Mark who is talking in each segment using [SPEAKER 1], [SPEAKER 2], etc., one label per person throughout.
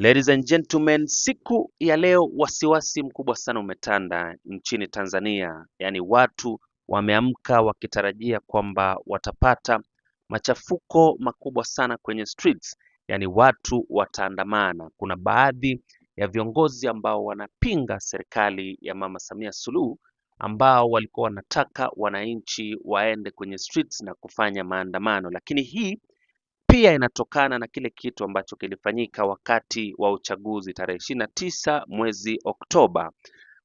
[SPEAKER 1] Ladies and gentlemen, siku ya leo wasiwasi mkubwa sana umetanda nchini Tanzania, yaani watu wameamka wakitarajia kwamba watapata machafuko makubwa sana kwenye streets, yaani watu wataandamana. Kuna baadhi ya viongozi ambao wanapinga serikali ya Mama Samia Suluhu ambao walikuwa wanataka wananchi waende kwenye streets na kufanya maandamano, lakini hii pia inatokana na kile kitu ambacho kilifanyika wakati wa uchaguzi tarehe ishirini na tisa mwezi Oktoba.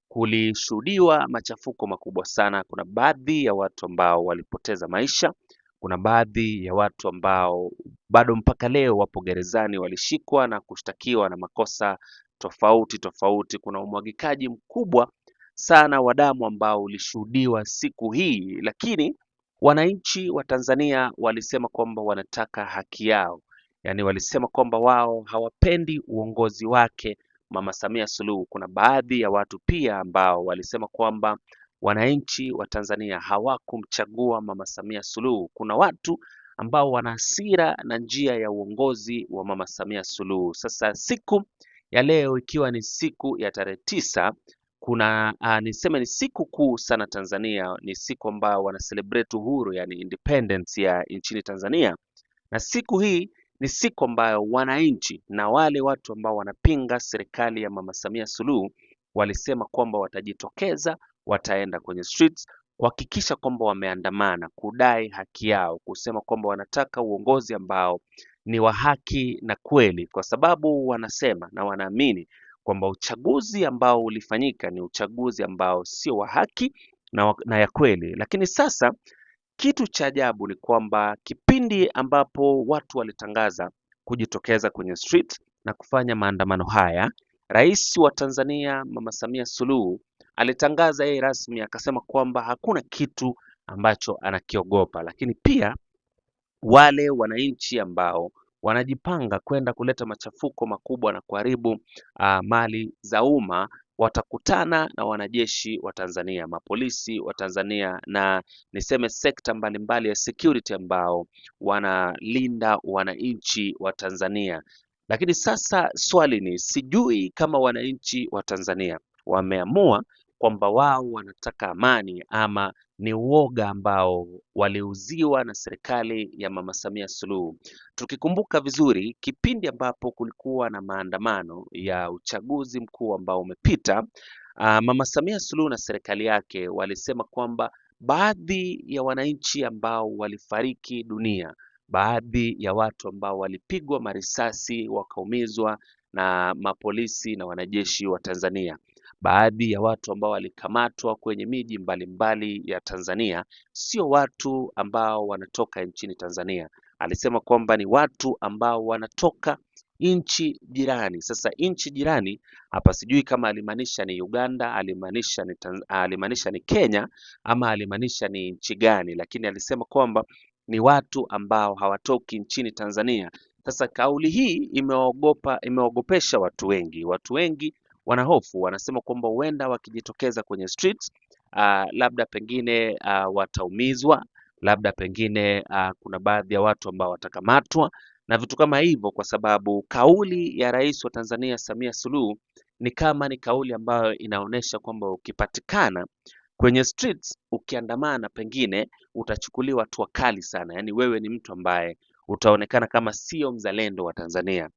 [SPEAKER 1] Kulishuhudiwa machafuko makubwa sana. Kuna baadhi ya watu ambao walipoteza maisha, kuna baadhi ya watu ambao bado mpaka leo wapo gerezani, walishikwa na kushtakiwa na makosa tofauti tofauti. Kuna umwagikaji mkubwa sana wa damu ambao ulishuhudiwa siku hii, lakini Wananchi wa Tanzania walisema kwamba wanataka haki yao, yaani walisema kwamba wao hawapendi uongozi wake Mama Samia Suluhu. Kuna baadhi ya watu pia ambao walisema kwamba wananchi wa Tanzania hawakumchagua Mama Samia Suluhu. Kuna watu ambao wana hasira na njia ya uongozi wa Mama Samia Suluhu. Sasa siku ya leo ikiwa ni siku ya tarehe tisa kuna uh, niseme ni siku kuu sana Tanzania, ni siku ambayo wana celebrate uhuru, yani independence ya nchini Tanzania, na siku hii ni siku ambayo wananchi na wale watu ambao wanapinga serikali ya Mama Samia Suluhu walisema kwamba watajitokeza, wataenda kwenye streets kuhakikisha kwamba wameandamana kudai haki yao, kusema kwamba wanataka uongozi ambao ni wa haki na kweli, kwa sababu wanasema na wanaamini kwamba uchaguzi ambao ulifanyika ni uchaguzi ambao sio wa haki na, na ya kweli. Lakini sasa kitu cha ajabu ni kwamba kipindi ambapo watu walitangaza kujitokeza kwenye street na kufanya maandamano haya, Rais wa Tanzania Mama Samia Suluhu alitangaza yeye rasmi akasema kwamba hakuna kitu ambacho anakiogopa, lakini pia wale wananchi ambao wanajipanga kwenda kuleta machafuko makubwa na kuharibu uh, mali za umma watakutana na wanajeshi wa Tanzania, mapolisi wa Tanzania na niseme sekta mbalimbali mbali ya security ambao wanalinda wananchi wa Tanzania. Lakini sasa swali ni sijui kama wananchi wa Tanzania wameamua kwamba wao wanataka amani ama ni uoga ambao waliuziwa na serikali ya Mama Samia Suluhu. Tukikumbuka vizuri, kipindi ambapo kulikuwa na maandamano ya uchaguzi mkuu ambao umepita, ah, Mama Samia Suluhu na serikali yake walisema kwamba baadhi ya wananchi ambao walifariki dunia, baadhi ya watu ambao walipigwa marisasi wakaumizwa na mapolisi na wanajeshi wa Tanzania Baadhi ya watu ambao walikamatwa kwenye miji mbalimbali ya Tanzania sio watu ambao wanatoka nchini Tanzania. Alisema kwamba ni watu ambao wanatoka nchi jirani. Sasa nchi jirani hapa, sijui kama alimaanisha ni Uganda, alimaanisha ni alimaanisha ni Kenya ama alimaanisha ni nchi gani, lakini alisema kwamba ni watu ambao hawatoki nchini Tanzania. Sasa kauli hii imeogopa, imeogopesha watu wengi. Watu wengi wanahofu, wanasema kwamba huenda wakijitokeza kwenye streets uh, ah, labda pengine uh, wataumizwa, labda pengine uh, kuna baadhi ya watu ambao watakamatwa na vitu kama hivyo, kwa sababu kauli ya rais wa Tanzania Samia Suluhu ni kama ni kauli ambayo inaonyesha kwamba ukipatikana kwenye streets ukiandamana, pengine utachukuliwa hatua kali sana, yaani wewe ni mtu ambaye utaonekana kama sio mzalendo wa Tanzania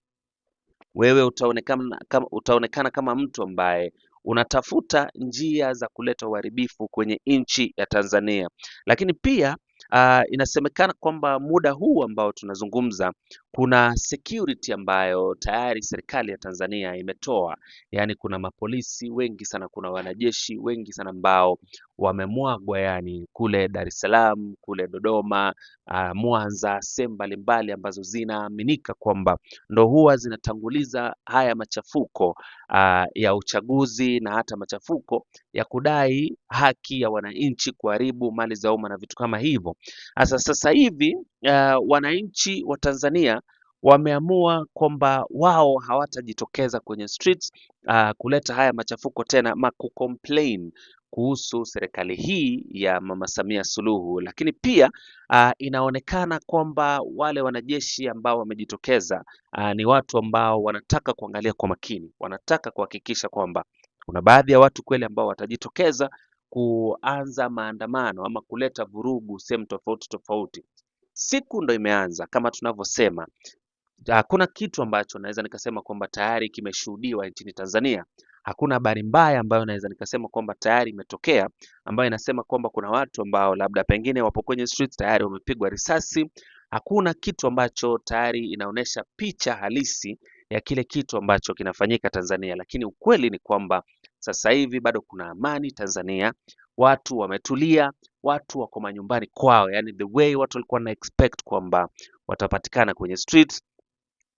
[SPEAKER 1] wewe utaonekana kama, utaonekana kama mtu ambaye unatafuta njia za kuleta uharibifu kwenye nchi ya Tanzania. Lakini pia uh, inasemekana kwamba muda huu ambao tunazungumza kuna security ambayo tayari serikali ya Tanzania imetoa, yaani kuna mapolisi wengi sana, kuna wanajeshi wengi sana ambao wamemwagwa, yaani kule Dar es Salaam, kule Dodoma, uh, Mwanza, sehemu mbalimbali ambazo zinaaminika kwamba ndo huwa zinatanguliza haya machafuko uh, ya uchaguzi na hata machafuko ya kudai haki ya wananchi, kuharibu mali za umma na vitu kama hivyo. Sasa sasa hivi uh, wananchi wa Tanzania wameamua kwamba wao hawatajitokeza kwenye streets uh, kuleta haya machafuko tena ama kucomplain kuhusu serikali hii ya Mama Samia Suluhu, lakini pia uh, inaonekana kwamba wale wanajeshi ambao wamejitokeza uh, ni watu ambao wanataka kuangalia kwa makini, wanataka kuhakikisha kwamba kuna baadhi ya watu kweli ambao watajitokeza kuanza maandamano ama kuleta vurugu sehemu tofauti tofauti. Siku ndo imeanza kama tunavyosema, hakuna kitu ambacho naweza nikasema kwamba tayari kimeshuhudiwa nchini Tanzania. Hakuna habari mbaya ambayo naweza nikasema kwamba tayari imetokea ambayo inasema kwamba kuna watu ambao labda pengine wapo kwenye streets tayari wamepigwa risasi. Hakuna kitu ambacho tayari inaonyesha picha halisi ya kile kitu ambacho kinafanyika Tanzania, lakini ukweli ni kwamba sasa hivi bado kuna amani Tanzania, watu wametulia, watu wako manyumbani kwao, yani the way watu walikuwa na expect kwamba watapatikana kwenye street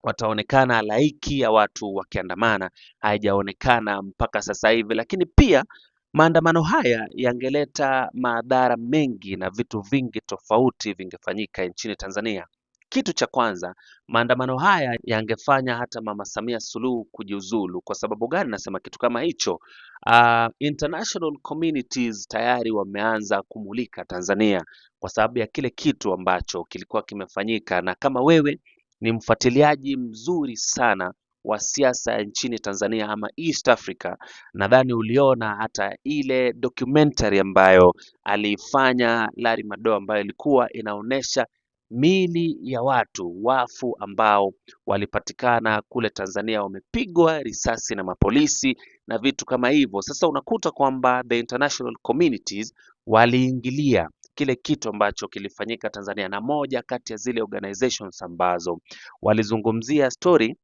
[SPEAKER 1] wataonekana halaiki ya watu wakiandamana, haijaonekana mpaka sasa hivi, lakini pia maandamano haya yangeleta madhara mengi na vitu vingi tofauti vingefanyika nchini Tanzania. Kitu cha kwanza, maandamano haya yangefanya hata Mama Samia Suluhu kujiuzulu. Kwa sababu gani nasema kitu kama hicho? Uh, international communities tayari wameanza kumulika Tanzania kwa sababu ya kile kitu ambacho kilikuwa kimefanyika, na kama wewe ni mfuatiliaji mzuri sana wa siasa nchini Tanzania ama East Africa. Nadhani uliona hata ile documentary ambayo aliifanya Larry Madoa ambayo ilikuwa inaonyesha mili ya watu wafu ambao walipatikana kule Tanzania wamepigwa risasi na mapolisi na vitu kama hivyo. Sasa unakuta kwamba the international communities waliingilia kile kitu ambacho kilifanyika Tanzania, na moja kati ya zile organizations ambazo walizungumzia story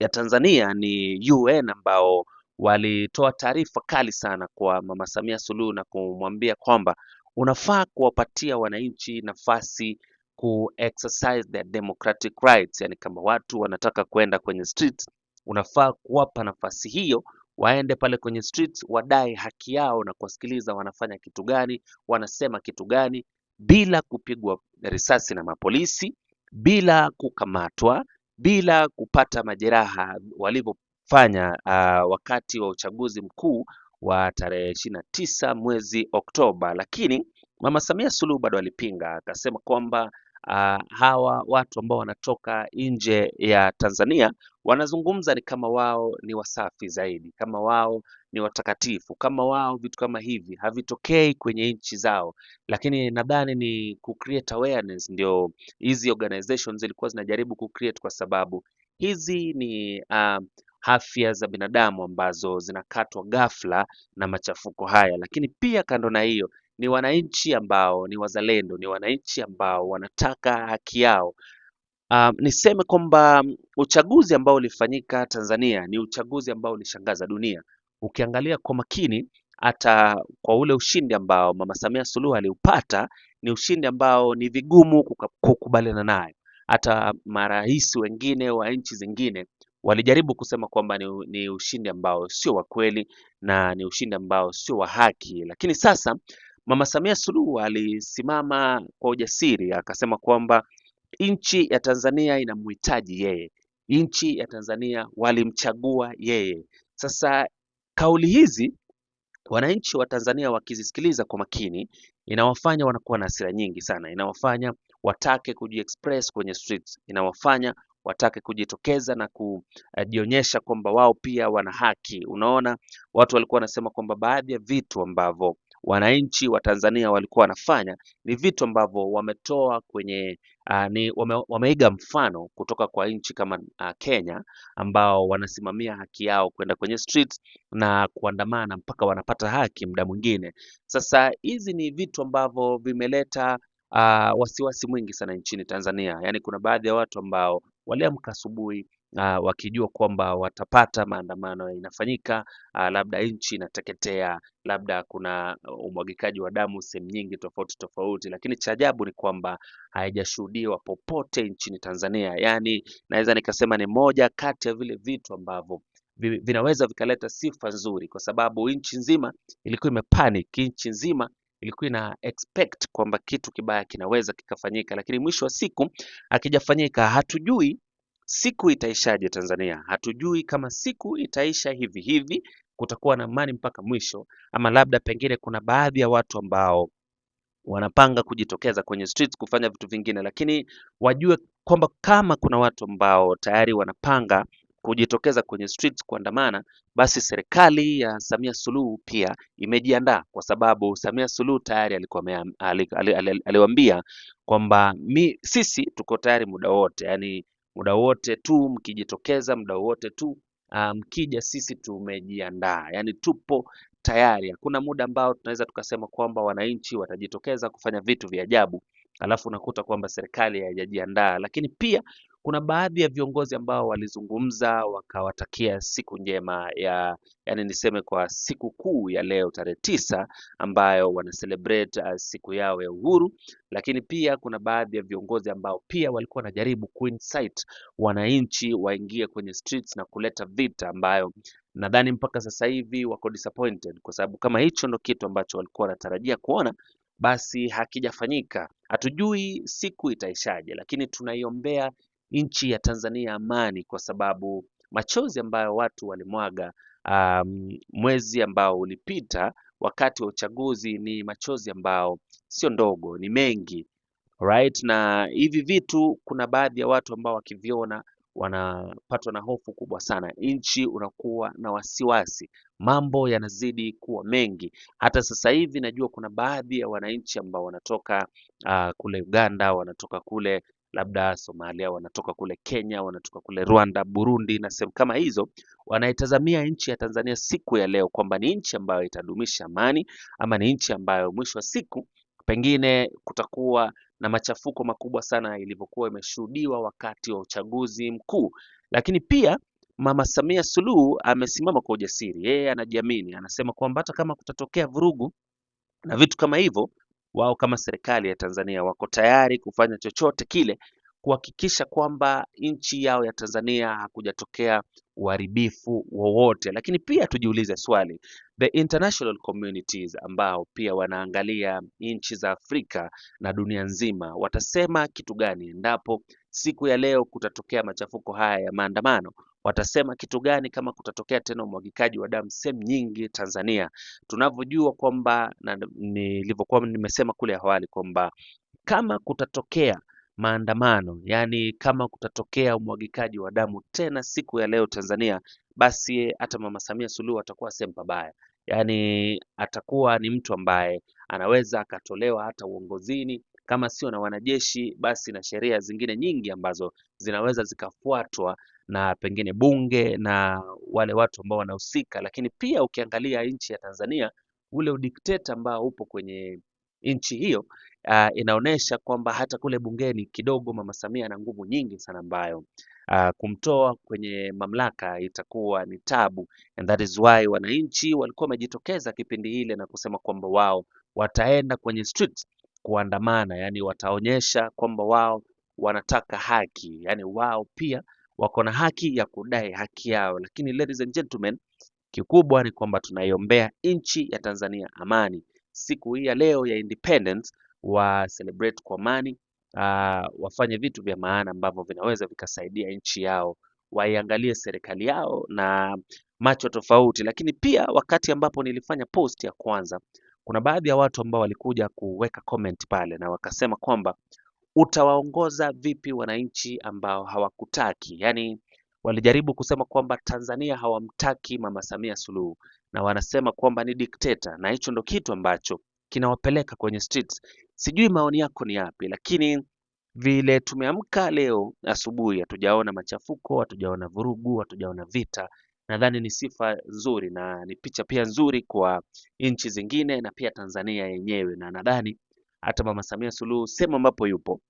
[SPEAKER 1] ya Tanzania ni UN ambao walitoa taarifa kali sana kwa Mama Samia Suluhu na kumwambia kwamba unafaa kuwapatia wananchi nafasi ku exercise their democratic rights, yani kama watu wanataka kwenda kwenye street, unafaa kuwapa nafasi hiyo waende pale kwenye streets wadai haki yao na kuwasikiliza wanafanya kitu gani, wanasema kitu gani, bila kupigwa risasi na mapolisi, bila kukamatwa, bila kupata majeraha walivyofanya uh, wakati wa uchaguzi mkuu wa tarehe ishirini na tisa mwezi Oktoba. Lakini Mama Samia Suluhu bado alipinga, akasema kwamba uh, hawa watu ambao wanatoka nje ya Tanzania wanazungumza ni kama wao ni wasafi zaidi, kama wao ni watakatifu, kama wao vitu kama hivi havitokei kwenye nchi zao, lakini nadhani ni ku create awareness ndio hizi organizations zilikuwa zinajaribu ku create, kwa sababu hizi ni uh, afya za binadamu ambazo zinakatwa ghafla na machafuko haya, lakini pia kando na hiyo ni wananchi ambao ni wazalendo, ni wananchi ambao wanataka haki yao Uh, niseme kwamba uchaguzi ambao ulifanyika Tanzania ni uchaguzi ambao ulishangaza dunia. Ukiangalia kwa makini hata kwa ule ushindi ambao Mama Samia Suluhu aliupata ni ushindi ambao ni vigumu kukubaliana naye. Hata marais wengine wa nchi zingine walijaribu kusema kwamba ni, ni ushindi ambao sio wa kweli na ni ushindi ambao sio wa haki, lakini sasa Mama Samia Suluhu alisimama kwa ujasiri akasema kwamba nchi ya Tanzania inamhitaji yeye, nchi ya Tanzania walimchagua yeye. Sasa kauli hizi wananchi wa Tanzania wakizisikiliza kwa makini, inawafanya wanakuwa na hasira nyingi sana, inawafanya watake kujiexpress kwenye streets, inawafanya watake kujitokeza na kujionyesha kwamba wao pia wana haki. Unaona, watu walikuwa wanasema kwamba baadhi ya vitu ambavyo wananchi wa Tanzania walikuwa wanafanya ni vitu ambavyo wametoa kwenye Uh, ni wame, wameiga mfano kutoka kwa nchi kama uh, Kenya ambao wanasimamia haki yao kwenda kwenye streets na kuandamana mpaka wanapata haki muda mwingine. Sasa hizi ni vitu ambavyo vimeleta uh, wasiwasi mwingi sana nchini Tanzania. Yaani kuna baadhi ya watu ambao waliamka asubuhi uh, wakijua kwamba watapata maandamano inafanyika uh, ah, labda nchi inateketea, labda kuna umwagikaji wa damu sehemu nyingi tofauti tofauti, lakini cha ajabu ni kwamba haijashuhudiwa popote nchini Tanzania. Yaani naweza nikasema ni moja kati ya vile vitu ambavyo vinaweza vikaleta sifa nzuri, kwa sababu nchi nzima ilikuwa imepanic, nchi nzima ilikuwa ina expect kwamba kitu kibaya kinaweza kikafanyika, lakini mwisho wa siku akijafanyika, hatujui siku itaishaje Tanzania. Hatujui kama siku itaisha hivi hivi, kutakuwa na amani mpaka mwisho, ama labda pengine kuna baadhi ya watu ambao wanapanga kujitokeza kwenye streets kufanya vitu vingine, lakini wajue kwamba kama kuna watu ambao tayari wanapanga kujitokeza kwenye streets kuandamana, basi serikali ya Samia Suluhu pia imejiandaa, kwa sababu Samia Suluhu tayari alikuwa aliwaambia kwamba sisi tuko tayari muda wote, yani muda wote tu mkijitokeza, muda wote tu ah, mkija, um, sisi tumejiandaa, yani tupo tayari. Hakuna muda ambao tunaweza tukasema kwamba wananchi watajitokeza kufanya vitu vya ajabu alafu unakuta kwamba serikali haijajiandaa, lakini pia kuna baadhi ya viongozi ambao walizungumza wakawatakia siku njema ya yani, niseme kwa siku kuu ya leo tarehe tisa ambayo wana celebrate uh, siku yao ya uhuru, lakini pia kuna baadhi ya viongozi ambao pia walikuwa wanajaribu kuincite wananchi waingie kwenye streets na kuleta vita ambayo nadhani mpaka sasa hivi wako disappointed kwa sababu kama hicho ndo kitu ambacho walikuwa wanatarajia kuona basi hakijafanyika. Hatujui siku itaishaje, lakini tunaiombea nchi ya Tanzania amani, kwa sababu machozi ambayo watu walimwaga um, mwezi ambao ulipita wakati wa uchaguzi ni machozi ambao sio ndogo, ni mengi right? Na hivi vitu kuna baadhi ya watu ambao wakiviona wanapatwa na hofu kubwa sana, nchi unakuwa na wasiwasi, mambo yanazidi kuwa mengi. Hata sasa hivi najua kuna baadhi ya wananchi ambao wanatoka uh, kule Uganda, wanatoka kule labda Somalia, wanatoka kule Kenya, wanatoka kule Rwanda, Burundi na sehemu kama hizo, wanaitazamia nchi ya Tanzania siku ya leo kwamba ni nchi ambayo itadumisha amani ama ni nchi ambayo mwisho wa siku pengine kutakuwa na machafuko makubwa sana ilivyokuwa imeshuhudiwa wakati wa uchaguzi mkuu. Lakini pia Mama Samia Suluhu amesimama kwa ujasiri, yeye anajiamini, anasema kwamba hata kama kutatokea vurugu na vitu kama hivyo wao kama serikali ya Tanzania wako tayari kufanya chochote kile kuhakikisha kwamba nchi yao ya Tanzania hakujatokea uharibifu wowote. Lakini pia tujiulize swali, the international communities ambao pia wanaangalia nchi za Afrika na dunia nzima watasema kitu gani endapo siku ya leo kutatokea machafuko haya ya maandamano? watasema kitu gani kama kutatokea tena umwagikaji wa damu sehemu nyingi Tanzania? Tunavyojua kwamba na nilivyokuwa nimesema kule awali kwamba kama kutatokea maandamano yaani, kama kutatokea umwagikaji wa damu tena siku ya leo Tanzania, basi hata Mama Samia Suluhu atakuwa sehemu pabaya, yaani atakuwa ni mtu ambaye anaweza akatolewa hata uongozini kama sio na wanajeshi, basi na sheria zingine nyingi ambazo zinaweza zikafuatwa na pengine bunge na wale watu ambao wanahusika. Lakini pia ukiangalia nchi ya Tanzania, ule udikteta ambao upo kwenye nchi hiyo uh, ah, inaonyesha kwamba hata kule bungeni kidogo Mama Samia ana nguvu nyingi sana ambayo uh, kumtoa kwenye mamlaka itakuwa ni tabu, and that is why wananchi walikuwa wamejitokeza kipindi ile na kusema kwamba wao wataenda kwenye streets kuandamana, yani wataonyesha kwamba wao wanataka haki, yani wao pia wako na haki ya kudai haki yao. Lakini ladies and gentlemen, kikubwa ni kwamba tunaiombea nchi ya Tanzania amani. Siku hii ya leo ya independence wa celebrate kwa amani, uh, wafanye vitu vya maana ambavyo vinaweza vikasaidia nchi yao, waiangalie serikali yao na macho tofauti. Lakini pia wakati ambapo nilifanya post ya kwanza kuna baadhi ya watu ambao walikuja kuweka comment pale na wakasema kwamba utawaongoza vipi wananchi ambao hawakutaki? Yaani walijaribu kusema kwamba Tanzania hawamtaki Mama Samia Suluhu na wanasema kwamba ni dikteta, na hicho ndo kitu ambacho kinawapeleka kwenye streets. Sijui maoni yako ni yapi, lakini vile tumeamka leo asubuhi, hatujaona machafuko, hatujaona vurugu, hatujaona vita, nadhani ni sifa nzuri na ni picha pia nzuri kwa nchi zingine na pia Tanzania yenyewe, na nadhani hata Mama Samia Suluhu sehemu ambapo yupo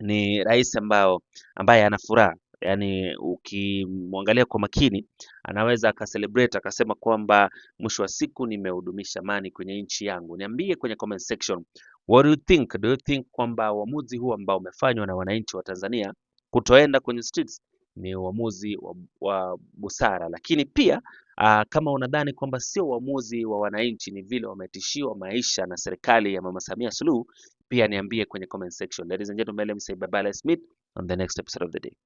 [SPEAKER 1] ni rais ambao ambaye ana furaha yaani ukimwangalia kwa makini anaweza akaselebrate akasema kwamba mwisho wa siku nimehudumisha amani kwenye nchi yangu. Niambie kwenye comment section, what do you think? Do you think kwamba uamuzi huu ambao umefanywa na wananchi wa Tanzania kutoenda kwenye streets ni uamuzi wa, wa busara, lakini pia uh, kama unadhani kwamba sio uamuzi wa wananchi, ni vile wametishiwa maisha na serikali ya Mama Samia Suluhu, pia niambie kwenye comment section. Ladies and gentlemen, let me say bye bye, let's meet on the next episode of the day.